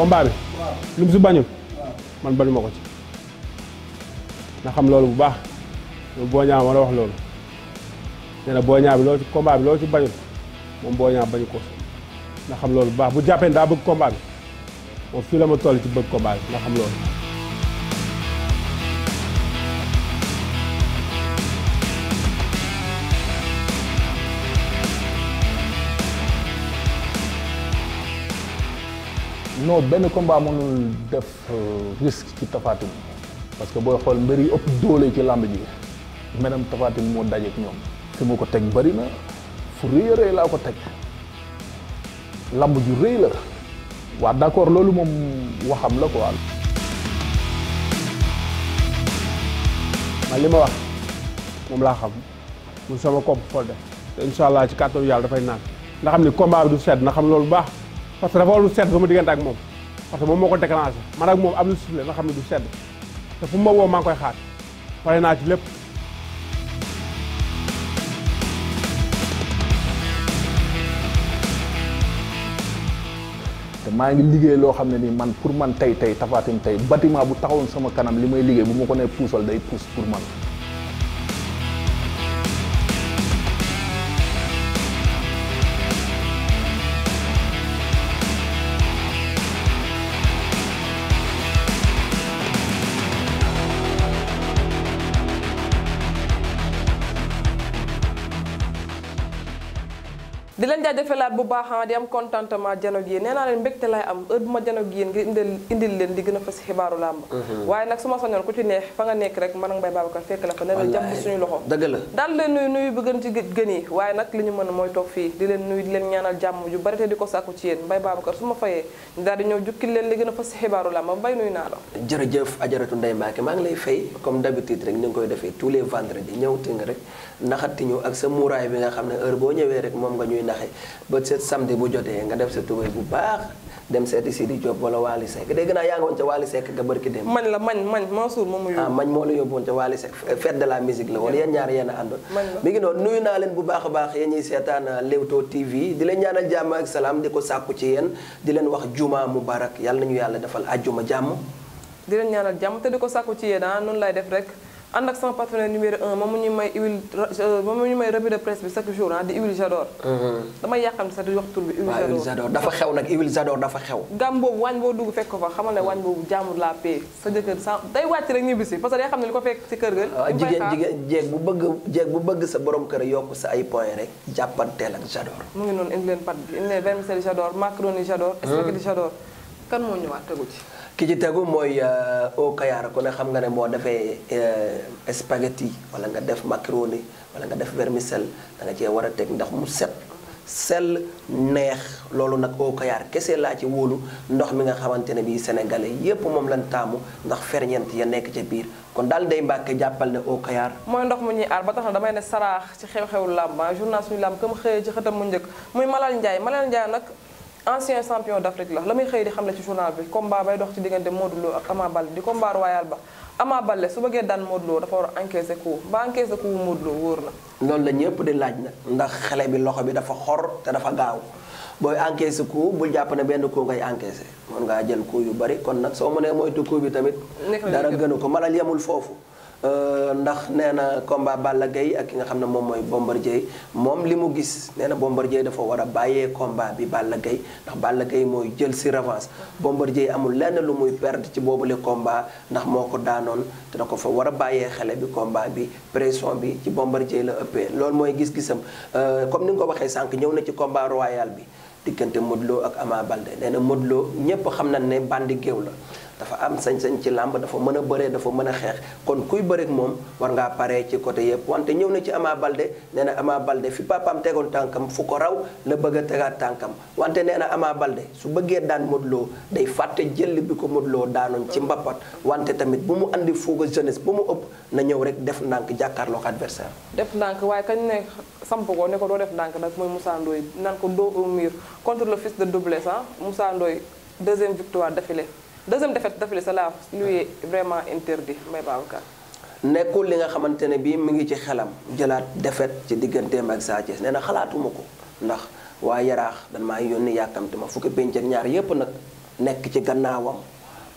combat bi. lu mu si bañul. man bañu ma ko ci. na xam loolu bu baax loolu boo ma la wax loolu nee na boo ñaaw bi loolu ci combat bi loolu ci bañul moom boo ñaaw bañu ko na xam loolu bu baax bu jàppee daa bëgg combat bi moom fii la ma toll ci bëgg combat bi na xam loolu. non benn combat mënul def euh, risque ci Tapha parce que booy xool mbir yi ëpp doole ci làmb ji menam Tapha Tine moo dajeek ñoom fi mu ko teg bari na fu rëy a rëy laa ko teg làmb ju rëy la waa d'accord loolu moom waxam la ko quoi. man li ma wax moom laa xam mu sama kopp Fodé te incha ci kàttanu yàlla dafay naan nga ni combat bi du sedd na xam loolu baax parce que dafa warul sedd sama diggante ak moom. parce que moom moo ko déclenché man ak moom am na suuf nga xam ne du sedd te fu ma maa ngi koy xaar pare naa ci lépp. te maa ngi liggéey loo xam ne nii man pour man tey tey Tapha Tine tey bâtiment bu taxawoon sama kanam li may liggéey bu ma ko ne puusal day puus pour man. di leen jaajëfalaat bu baax ah, di am contentement janoog yéen nee naa leen mbégte lay am heure bu ma janoog yéen ngir a fas xibaaru làmb mhm. rek man ak Mbaye Babacar fekk la fa ne la jàpp suñu loxo dëgg la daal leen nuyu nuyu yi waaye a mooy toog fii di leen nuyu di te di ko sàkku ma fayee daal a fas xibaaru làmb Mbaye nuyu naa la nga xam ne heure boo ñëwee rek moom nga ñuy ndax ba seet samedi bu jotee nga def sa tubéy bu baax dem seeti Sidi Diop wala Waly Seck dégg naa yaa ngi woon ca Waly Seck nga bërki dem man la mañ mañ moom mu yóbbu mañ moo la yóbbu woon ca Waly Seck de la musique la woon yéen ñaar yéen a àndoon mi a noonu nuyu naa leen bu baax a baax yéen seetaan ah, Leewtoo TV di leen ñaanal jàmm ak salaam di ko sàkku ci yéen di leen wax juma mubarak yàlla nañu yàlla defal ajjuma jàmm di leen ñaanal ànd ak sama partenaire numéro un moom mu ñu may huile moom mu ñu may revue de presse bi chaque jour ah di huile j'adore. Mm-hmm. damay yàqal sax di wax tur bi. huile j'adore dafa xew nag huile j'adore dafa xew. gam boobu waañ boo dugg fekk ko fa xamal ne waañ boobu jaamur la paix sa jëkkër sa day wàcc rek ñibbisi parce que day xam ne li ko fekk ci kër ga. jigéen jigéen jeeg bu bëgg jeeg bu bëgg sa borom kër yokk sa ay point rek jàppanteel ak j'adore. mu ngi noonu indi leen pâte bi indi leen vermicelle j'adore macaroni j'adore. Mm-hmm. spaghetti j'adore kan moo ñëwaat tegu ci ki ci tegu mooy euh, au Kayar ku ne xam nga ne boo defee euh, spaghetti wala nga def macroni wala nga def vermicelle da nga war a teg ndax mu set sel neex loolu nag au Kayar kese laa ci wóolu ndox mi nga xamante ne bii sénégalais yépp moom lañ taamu ndax ferñeent ya nekk ca biir kon daal day mbàkke jàppal ne au Kayar mooy ndox mu ñuy aar ba tax na damay ne saraax ci xew-xewu làmb ah, journal suñu làmb comme xëyee ci xëtam mu njëkk muy Malal Ndiaye Malal ancien champion d'Afrique la la muy xëy di xam ne ci journal bi combat bay dox ci diggante Modou Lo ak Ama Baldé di combat royal ba Ama Baldé su bëggee daan Modou Lo dafa war a encaisser coup ba encaisser coup Modou Lo na. ñëpp di laaj nag ndax xale bi loxo bi dafa xor te dafa gaaw booy encaisser coup bul jàpp ne benn coup ngay encaisser mën ngaa jël coup yu bari kon nag soo mënee moytu coup bi tamit. dara gënu ko malal yemul foofu. Euh, ndax nee na combat Balla Gaye ak ki nga xam ne moom mooy Bombardier moom li mu gis nee na Bombardier dafa war a bàyyee komba bi Balla Gaye ndax Balla Gaye mooy jël si revanche Bombardier amul lenn lu muy perdre ci boobule komba ndax moo ko daanoon te da ko fa war a bàyyee xale bi combat bi pression bi ci Bombardier la ëppee loolu mooy gis-gisam euh, comme ni nga ko waxee sànq ñëw na ci combat royal bi diggante Modou ak Ama Baldé nee na Modou Lo ñépp xam nañ ne bandi géew la dafa am sañ-sañ ci làmb dafa mën a bëree dafa mën a xeex kon kuy bëreek moom war ngaa paree ci côté yëpp wante ñëw na ci amaa balde nee na Ama Baldé fi papaam tegoon tànkam fu ko raw la bëgg a tegaat tànkam wante nee na Ama Baldé su bëggee daan Modou day fàtte jël bi ko Modou daanoon ci mbappat wante tamit bu mu indi fougue jeunesse bu mu ëpp na ñëw rek def ndànk jàkkaarloog adversaire def ndànk waaye kañ ne samp ko ne ko doo def ndànk nag mooy Moussa Ndoye naan ko contre le fils de Double Less ah. Moussa Ndoye deuxième victoire d'affilée deuxième défaite d'affilée cela lui est vraiment interdit Mbaye Babacar. nekkul li nga xamante ne bii mu ngi ci xelam jëlaat defet ci digganteem ak Sa Thiès nee na xalaatuma ko ndax waaye yaraax dan maa yónni yàkkamte ma fukki pénc ñaar yépp nag nekk ci gannaawam.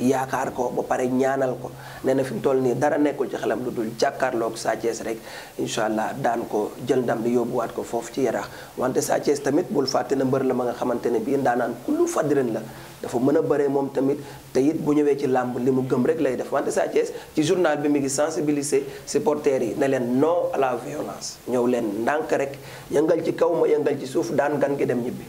yaakaar ko ba pare ñaanal ko nee na fi mu toll nii dara nekkul ci xelam lu dul jàkkaarloog Sa Thiès rek incha allah daan ko jël ndam bi yóbbuwaat ko foofu ci yarax wante Sa tamit bul fàtte na mbër la ma nga xamante ne bii ndaanaan kullu fadrin la dafa mën a bëree moom tamit te it bu ñëwee ci làmb li mu gëm rek lay def wante Sa Thiès ci journal bi mu ngi sensibiliser supporters yi ne leen non à la violence ñëw leen ndànk rek yëngal ci kaw ma yëngal ci suuf daan gan gi dem ñibbi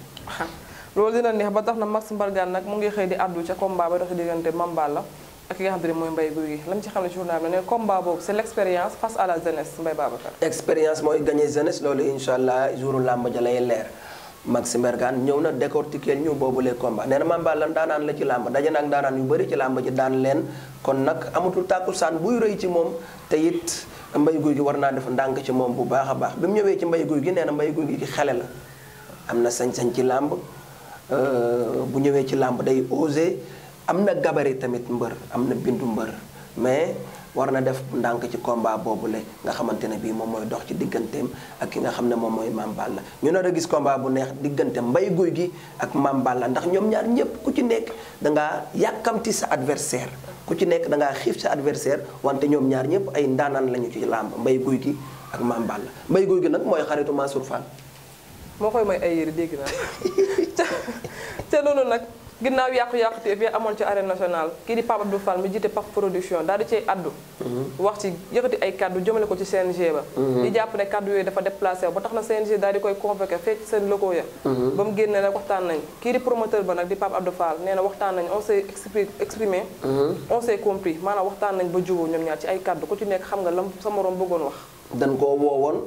loolu dina neex ba tax na Max Mbargane nag mu ngi xëy di àddu ca combat ba dox ci diggante Mame Balla ak ki nga xam te ne mooy Mbaye Gouy Gui lan ci xam ne journal bi ne combat boobu c'est l'expérience face à la jeunesse Mbaye Babacar expérience mooy gagné jeunesse loolu insha allah jouru ñëw na décortiquer ñu boobu les combat nee na daanaan la ci làmb daje nag daanaan yu bëri ci làmb daan leen kon nag amatul tàkkusaan buy rëy ci moom te it Mbaye Gouy war naa def ndànk ci moom bu baax a baax bi mu ñëwee ci Mbaye Gouy Gui nee na Mbaye Gouy xele la am na sañ-sañ ci làmb Euh, bu ñëwee ci làmb day osé am na gabarit tamit mbër am na bindu mbër mais war na def ndànk ci boobu boobule nga xamante ne bii moom mooy dox ci digganteem ak ki nga xam ne moom mooy Mame Balla ñu nar a gis combat bu neex diggante mbay guy gi ak Mame ndax ñoom ñaar ñëpp ku ci nekk da ngaa yàkkamti sa adversaire ku ci nekk da ngaa xiif sa adversaire wante ñoom ñaar ñëpp ay ndaanaan lañu ci làmb mbay guy gi ak Mame Balla mbay guy gi nag mooy xaritu Mansour Fall moo koy may ay yére dégg naa ca noonu nag ginnaaw yàqu-yàqu te fi amoon ci arène national kii di Pape Abdou Fall mi jiite Pape production daal di cay addu mhm. wax ci yëkkati ay kaddu jëmale ko ci CNG ba mhm. di jàpp ne kaddu yooyu dafa déplacé ba tax na CNG daal di koy convoqué fekk seen locaux ya mhm. ba mu génne nag waxtaan nañ kii di promoteur ba nag di Pape Abdou Fall nee na waxtaan nañ on s'est exprimé on s'est compris maanaam waxtaan nañ ba jubóo ñoom ñaar ci ay kaddu ku ci nekk xam nga lam sa moroom bëggoon wax dañ koo woowoon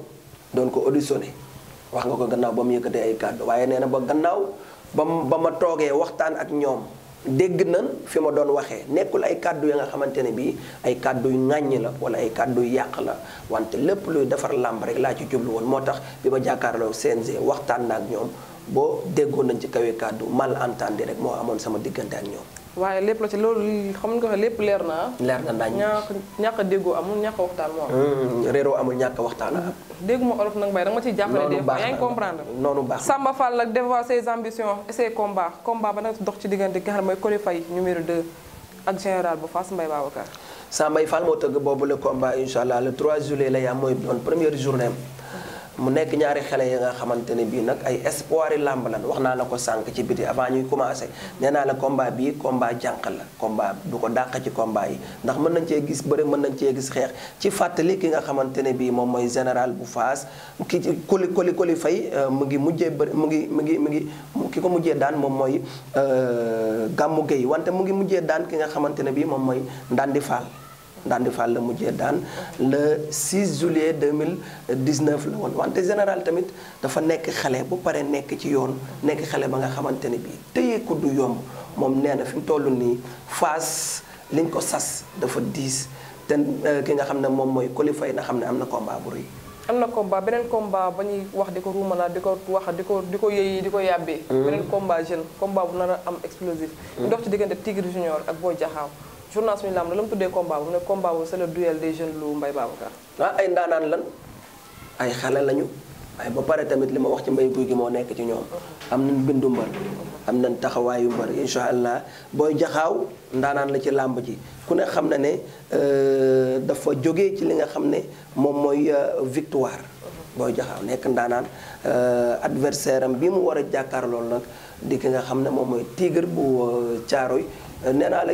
doon ko auditionné wax nga ko gannaaw ba mu yëkkatee ay kàddu waaye nee na ba gannaaw ba ba ma toogee waxtaan ak ñoom dégg nan fi ma doon waxee nekkul ay kàddu ya nga xamante ne bii ay kàddu yu ŋàññi la wala ay kàddu yu yàq la wante lépp luy defar làmb rek laa ci jublu woon moo tax bi ma jàkkaarloo CNG waxtaan na ak ñoom boo déggoon nañ ci kawee kàddu mal entendre rek moo amoon sama diggante ak ñoom waaye lépp la ci loolu xam nga ko lépp leer naa leer na ndañ ñàkk ñàkk a déggoo amul ñàkk a waxtaan moo am mm, réeroo amul ñàkk waxtaan a am dégguma olof nag mbay da nga ma ciy jàppale def yaa ngi comprendre noonu baax Samba Fall nag devoir ses ambitions et ses combats ba nag dox ci diggante ki nga xam ne mooy Coly Faye ak général bu Fass mbay Babacar Samba Fall moo tëgg boobu le combat incha allah le 3 juillet la yaa mooy doon première journée mu nekk ñaari xele yi nga xamante ne bii nag ay espoir yi làmb lan wax naa la ko sànq ci biti avant ñuy commencé nee naa la combat bii combat jànq la combat du ko dàq ci combat yi ndax mën nañ cee gis bëri mën nañ cee gis xeex ci fàttali ki nga xamante ne bii moom mooy général bu Faas ki ci koli koli koli fay euh, mu ngi mujjee bëri mu ngi mu ngi mu ngi ki ko mujjee daan moom mooy euh, gàmmu géy wante mu ngi mujjee daan ki nga xamante ne bii moom mooy Ndandi Fall Ndandi Fall la mujjee daan le 6 juillet 2019 la woon wante général tamit dafa nekk xale bu pare nekk ci yoon nekk xale ba nga xamante ne bii téye kuddu du yomb moom nee na fi mu toll nii Fass liñ ko sas dafa diis te euh, ki nga xam ne moom mooy qualifié na xam ne am na combat bu rëy. am na combat beneen combat ba ñuy wax di ko ruumala di ko wax di ko di ko yëyi di ko yàbbee. Hmm. beneen combat jeune combat bu nar a am explosif. ndox hmm. ci diggante Tigre Junior ak Boy Jaxaaw. journal suñu lamb la mu tuddee combat bu ne combat bu c'est le duel des jeunes lu Mbaye Babacar. ah ay ndaanaan lan ay xale lañu waaye ba pare tamit li ma wax ci mbay guy gi moo nekk ci ñoom. am nañ bindu mbar am nañ taxawaayu mbar incha allah booy jaxaaw ndaanaan la ci làmb ji ku ne xam na ne euh, dafa jógee ci li nga xam ne moom mooy euh, victoire. booy jaxaaw nekk ndaanaan euh, adversaire am bi mu war a jàkkaarloo nag dikk ki nga xam ne moom mooy tigre bu caaro yi nee naa la.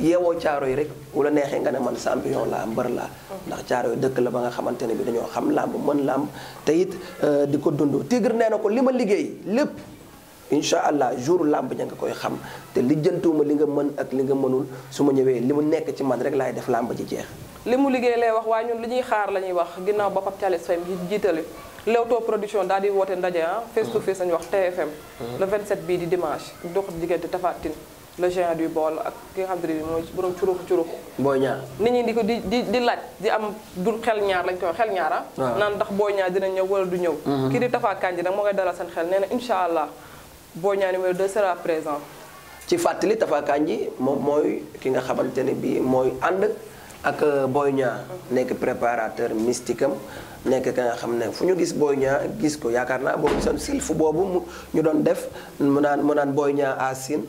yeewoo caaro yi rek la neexee nga ne man champion laa mbër laa ndax caaro yi dëkk la ba nga xamante ne bi dañoo xam làmb mën làmb te it euh, di ko dund Tigre nee na ko li ma liggéey lépp incha allah jour làmb ja nga koy xam te lijjantuwuma li nga mën ak li nga mënul su ma ñëwee li mu nekk ci man rek laay def làmb ji jeex li mu liggéey lay wax waaye ñun li ñuy xaar la ñuy wax ginnaaw ba Pape Thialis Faye jiitale Leewtoo production daal di woote ndaje ah face to face wax TFM hmm. le 27 bii di dimanche dox le géant du Baol ak ki nga xam te ne bii mooy borom booy ñaar nit ñi di ko di di di laaj di am du xel ñaar lañ koy xel ñaara. naan ndax booy ñaar dina ñëw wala du ñëw. Mhm. kii di Tafa Kanji nag moo ngay dalal seen xel nee na incha allah booy ñaar numéro 2 sera présent. ci fàttali Tafa Kanji moom mooy ki nga xamante ne bii mooy ànd ak euh, booy ñaar. nekk préparateur mystique am. nekk ka nga xam ne fu ñu gis booy ñaa gis ko yaakaar naa boobu seen silfu boobu mu ñu doon def mu naan mu naan booy ñaa asin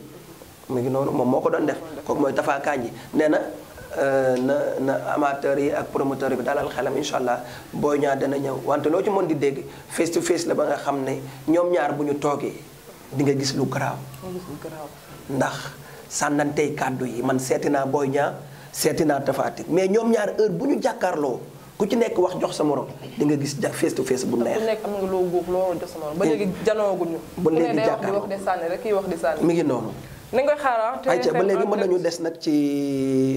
mu ngi noonu moom moo ko doon def kooku mooy Tafa Kandji nee na euh, na na amateur yi ak promoteur bi dalal xelam incha allah Boy Niang dana ñëw wante loo ci mën di dégg face to la ba nga xam ne ñoom ñaar bu ñu toogee di nga gis lu garaaw. ndax sànnantey kàddu yi man seeti naa booy Niang seeti naa Tapha Tine ñoom ñaar heure bu ñu jàkkaarloo ku ci nekk wax jox sa morom di nga gis face to face bu neex. ku nekk am nga loo góob loo jox sa morom. ba léegi jàkkaarloo ku rek kii wax di mi ngi noonu. nañ koy xaaral ayca ah, ba léegi mën nañu des nag ci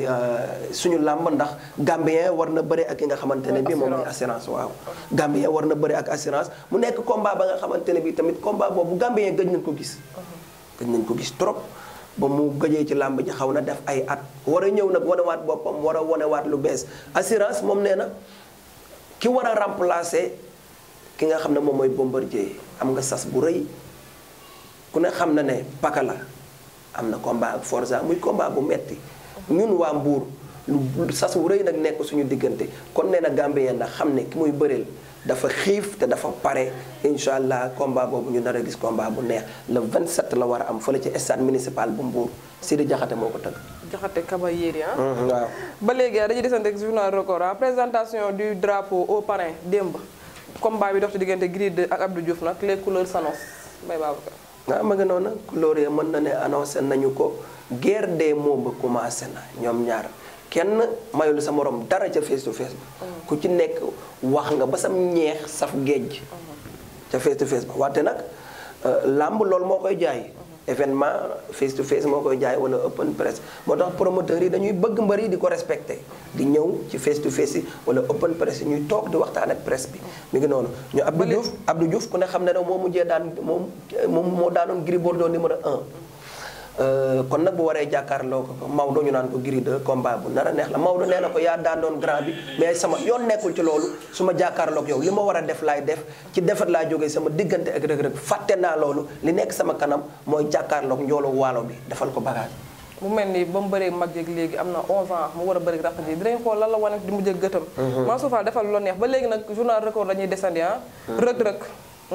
euh, suñu làmb ndax Gambien war na bëre ak ki nga xamante ne bii moom mooy assurance waaw. Gambien war na bëre ak assurance mu nekk combat ba nga xamante ne bii tamit komba boobu Gambien gëj nañ ko gis. gëj nañ ko gis trop ba mu gëjee ci làmb ji xaw na def ay at. war a ñëw nag wanewaat boppam war a wanewaat lu bees assurance moom nee na ki war a remplacer ki nga xam ne moom mooy Bombardier am nga sas bu rëy ku ne xam na ne paka la. am na combat ak Forza muy combat bu metti ñun waa Mbour lu sas wu rëy nag nekk suñu diggante kon nee na Gambien ndax xam ne ki muy bëreel dafa xiif te dafa pare incha allah combat boobu ñu nar a gis combat bu neex la le 27 la war a am fële ci stade municipal bu Mbour Sidi jaxate moo ko tëgg. Diakhaté Kaba ah. Mm, waaw ba léegi ah, dañuy desante ak journal record ah présentation du drapeau au parrain démb combat bi dox ci diggante Gris 2 ak Abdou Diouf nag ah ma nga noonu couleur ya mën na ne annoncé nañu ko guerre des moo ba commencé na ñoom ñaar kenn mayul sa morom dara ca face to face ba mm. ku ci nekk wax nga ba sam ñeex saf géej mm-hmm. ca face to face ba wante nag euh, làmb loolu moo koy jaay événement face to face moo koy jaay wala open press moo tax promoteurs yi dañuy bëgg mbër yi di ko respecté di ñëw ci face to face yi wala open press yi ñuy toog di waxtaan ak presse bi mi ngi noonu ñu Abdou Diouf Abdou Diouf ku ne xam ne ne moo mujjee daan moom moom moo daanoon Gris Bordeaux numéro 1 Euh, kon nag bu waree jàkkaarloo ko Maodo ñu naan ko Gris 2 combat bu nar a neex la Maodo nee na ko yaa daan doon grand bi mais sama yoon nekkul ci loolu su ma jàkkaarloo ak yow li ma war a def laay def ci defat laa jógee sama diggante ak Reug Reug fàtte naa loolu li nekk sama kanam mooy jàkkaarloog njoolu waalo bi defal ko bagage. mu mel ni ba mu mag yeeg léegi am na 11 ans mu war a bëri raq ji dinañ xool lan la wane di mu jëg gëtam. Mhm. Mansour Fall defal lu ba léegi nag journal record dañuy desandi ah. Mhm. Reug Reug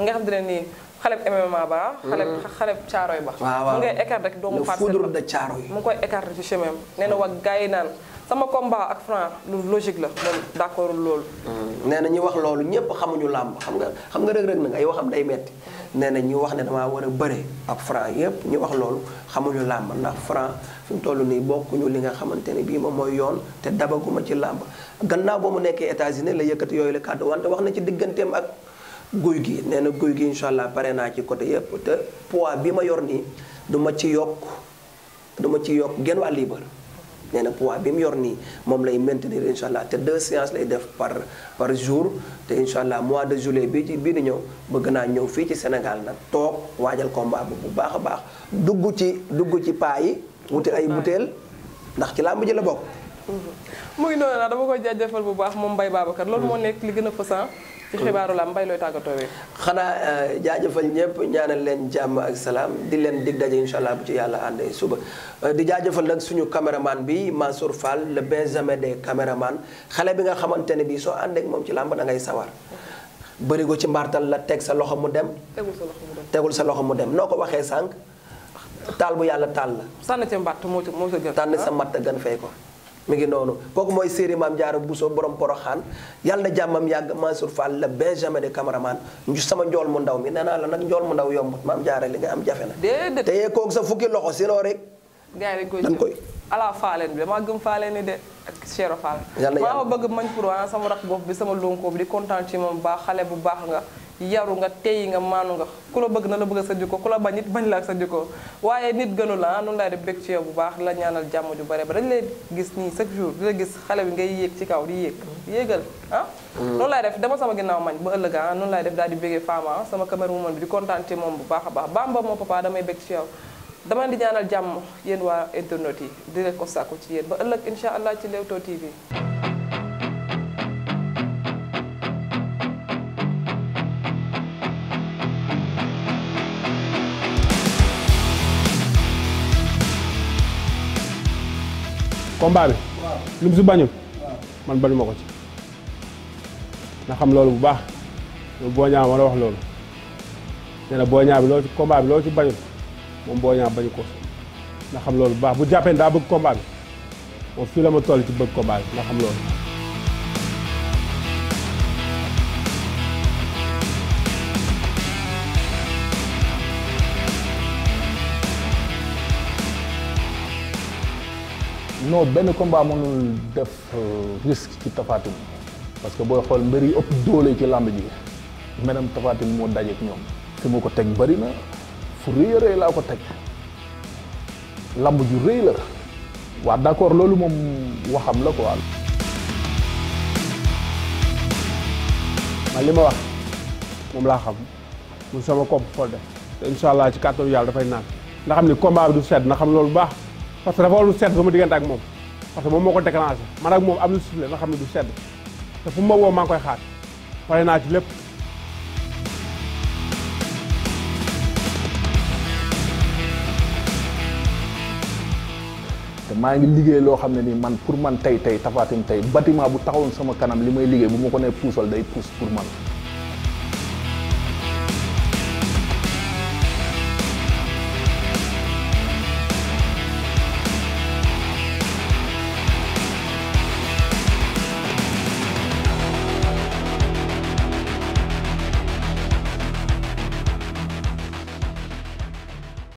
nga xam ne nii. xale bu MMA ba xale hmm. xale bu caaroy ba mu ngay écarté rek doomu Parcelles ba mu ngi koy écarté ci chemin nee na wax yi naan sama combat ak Franc lu la moom d'accord loolu hmm. nee na ñi wax loolu ñépp xamuñu làmb xam nga xam nga rëg-rëg nag ay waxam day metti nee na ñi wax ne damaa war a bëre ak Franc yépp ñi wax loolu xamuñu làmb ndax Franc fi mu toll nii bokkuñu li nga xamante ne bii moom mooy yoon te dabaguma ci làmb gannaaw ba mu nekkee États-Unis la yëkkati yooyu la kàddu wante wax na ci digganteem ak guy gi nee na guy gi incha allah pare naa ci côté yëpp te poids bi ma yor nii du ma ci yokk du ma ci yokk genn wàll libre nee na poids bi mu yor nii moom lay maintenir incha allah te deux séances lay def par par jour te incha allah mois de juillet bii ci bii di ñëw bëgg naa ñëw fii ci Sénégal nag toog waajal combat bu baax a baax dugg ci dugg ci paa yi wuti ay ah. butéel ndax ci làmb ji la bokk. mu ngi noonu ah, dama koy jaajëfal bu baax moom Mbaye Babacar loolu moo nekk li gën a fësan ci xibaaru la mbay looy tàggatoo bi xanaa euh, jaajëfal ñëpp ñaanal leen jàmm ak salaam di leen dig daje incha bu ci yàlla àndee suba euh, di jaajëfal nag suñu caméraman bi Mansour Fall le benjamin de caméraman xale bi nga xamante ne bii soo àndeek moom ci làmb da ngay sawar bërigo ci mbartal la teg sa loxo mu dem tegul sa loxo mu dem noo ko waxee sànq taal bu yàlla taal la sànn sa moo moo ci gën tànn sa ah. matt fay ko mi ngi noonu kooku mooy séeréer maam jaara Bousso borom xaan yàlla na jàmmam yàgg Mansour Fall la benjamin de cameraman sama njool mu ndaw mi nee naa la nag njool mu ndaw yombut maam jaara li nga am jafe na. déedéet te kooku sa fukki loxo si rek. gars yi dañ koy ala faalen bi damaa gëm faalen ni de ak Cheikh Fall. yàlla maa ma bëgg mañ pour ah, sama rak boobu bi sama lunkoo bi di kontaan ci moom baax xale bu baax nga. yaru nga tey nga maanu nga ku la bëgg na la bëgg a sa jikko ku la bañ nit bañ la ak sa jikko waaye nit gënu la ah noonu laay def bëgg ci yow bu baax la ñaanal jàmm ju bare ba dañ gis nii chaque jour di la gis xale bi ngay yéeg ci kaw di yéeg yéegal ah mm. noonu laay def dama sama ginnaaw mañ ba ëllëga ah noonu laay def daal di béggee fama ah, sama caméra woman di kontaan moom bu baax a baax bamba moo papa damay bëgg ci yow dama di ñaanal jàmm yéen waa internet yi di leen ko sàkku ci yéen ba ëllëg incha allah ci Leewtoo TV combat bi. lu mu si bañul. man bañu ma ko ci. na xam loolu bu baax loolu boo ma la wax loolu nee na boo ñaaw bi loolu ci combat bi loolu ci bañul moom boo ñaaw bañu ko na xam loolu bu baax bu jàppee daa bëgg combat bi moom fii la ma toll ci bëgg combat bi na xam loolu. non benn combat mënul def euh, risque ci Tafatine parce que booy xool mbir yi ëpp doole ci làmb ji menam Tafatine moo dajeek ñoom fi ma ko teg bari na fu rëy a rëy laa ko teg làmb ju rëy la waa d'accord loolu moom waxam la ko quoi. man li ma wax moom laa xam moom sama kopp xool de te incha ci kàttan yàlla dafay naan nga xam ni combat bi du sedd na xam loolu baax. parce que dafa war lu sedd sama diggante ak moom parce que moom moo ko déclenché man ak moom am na souffle nga xam ne du sedd te fu ma woo maa ngi koy xaar pare naa ci lépp. te maa ngi liggéey loo xam ne ni man pour man tey tey Tapha Tine tey bâtiment bu taxawoon sama kanam li may liggéey bu ma ko nee puusal day puus pour man.